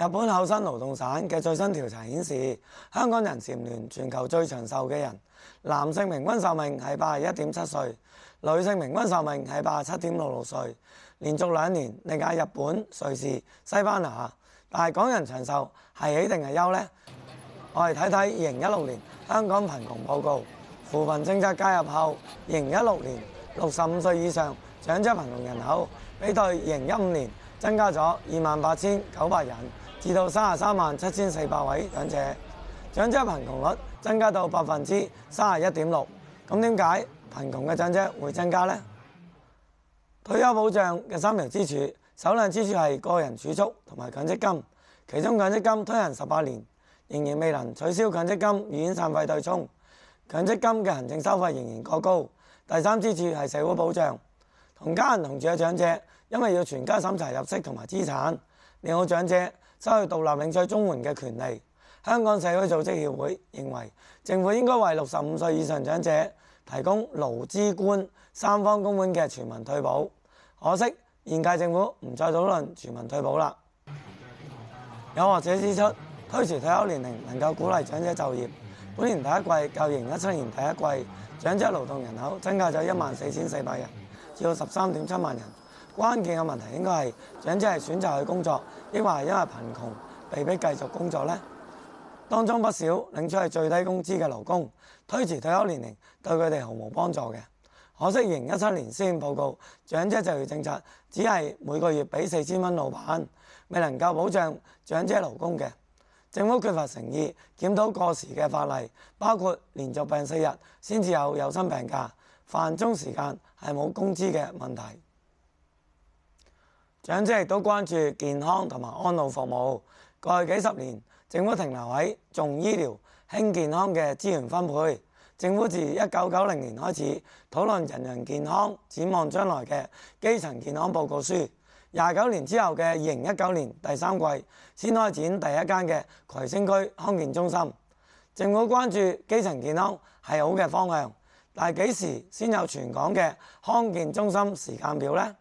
日本厚生勞動省嘅最新調查顯示，香港人蟬聯全球最長壽嘅人，男性平均壽命係八十一點七歲，女性平均壽命係八十七點六六歲，連續兩年領介日本、瑞士、西班牙，但港人長壽係喜定係憂呢？我哋睇睇二零一六年香港貧窮報告，扶貧政策加入後，二零一六年六十五歲以上長者貧窮人口比對二零一五年增加咗二萬八千九百人。至到三十三萬七千四百位長者，長者貧窮率增加到百分之三十一點六。咁點解貧窮嘅長者會增加呢？退休保障嘅三條支柱：首兩支柱係個人儲蓄同埋強積金，其中強積金推行十八年，仍然未能取消強積金與遣散費對沖。強積金嘅行政收費仍然過高。第三支柱係社會保障，同家人同住嘅長者，因為要全家審查入息同埋資產，你好長者。失去獨立領取綜援嘅權利。香港社區組織協會認為，政府應該為六十五歲以上長者提供勞資官三方共管嘅全民退保。可惜現屆政府唔再討論全民退保啦。 有學者指出，推遲退休年齡能夠鼓勵長者就業。本年第一季較二零一七年第一季，長者勞動人口增加咗一萬四千四百人，至到十三點七萬人。關鍵嘅問題應該係長者係選擇去工作，抑或係因為貧窮被迫繼續工作呢？當中不少領取係最低工資嘅勞工，推遲退休年齡對佢哋毫無幫助嘅。可惜，二零一七年施政報告，長者就業政策只係每個月俾四千蚊，老闆未能夠保障長者勞工嘅政府缺乏誠意，檢討過時嘅法例，包括連續病四日先至有有薪病假、飯鐘時間係冇工資嘅問題。兩者亦都關注健康同埋安老服務。過去幾十年，政府停留喺重醫療、輕健康嘅資源分配。政府自一九九零年開始討論人人健康，展望將來嘅《基層健康報告書》。廿九年之後嘅二零一九年第三季，先開展第一間嘅葵青區康健中心。政府關注基層健康係好嘅方向，但係幾時先有全港嘅康健中心時間表呢？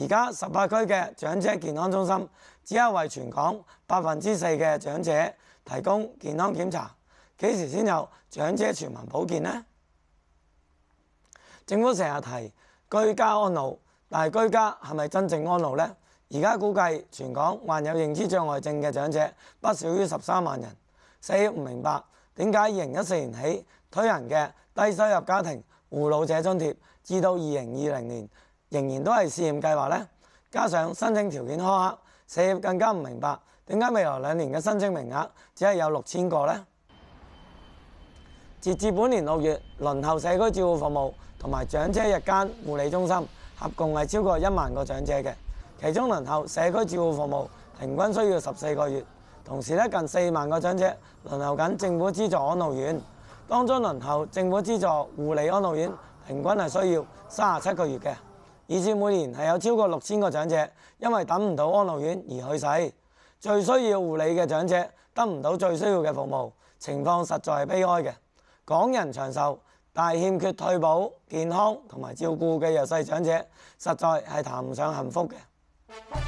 而家十八區嘅長者健康中心，只係為全港百分之四嘅長者提供健康檢查，幾時先有長者全民保健呢？政府成日提居家安老，但係居家係咪真正安老呢？而家估計全港患有認知障礙症嘅長者，不少於十三萬人。死唔明白點解二零一四年起推行嘅低收入家庭護老者津貼，至到二零二零年，仍然都係試驗計劃呢。加上申請條件苛刻，社協更加唔明白點解未來兩年嘅申請名額只係有六千個呢？截至本年六月，輪候社區照護服務同埋長者日間護理中心合共係超過一萬個長者嘅，其中輪候社區照護服務平均需要十四個月，同時咧近四萬個長者輪候緊政府資助安老院，當中輪候政府資助護理安老院平均係需要三十七個月嘅。以至每年係有超過六千個長者因為等唔到安老院而去世，最需要護理嘅長者得唔到最需要嘅服務，情況實在係悲哀嘅。港人長壽，但欠缺退保、健康同埋照顧嘅弱勢長者，實在係談唔上幸福嘅。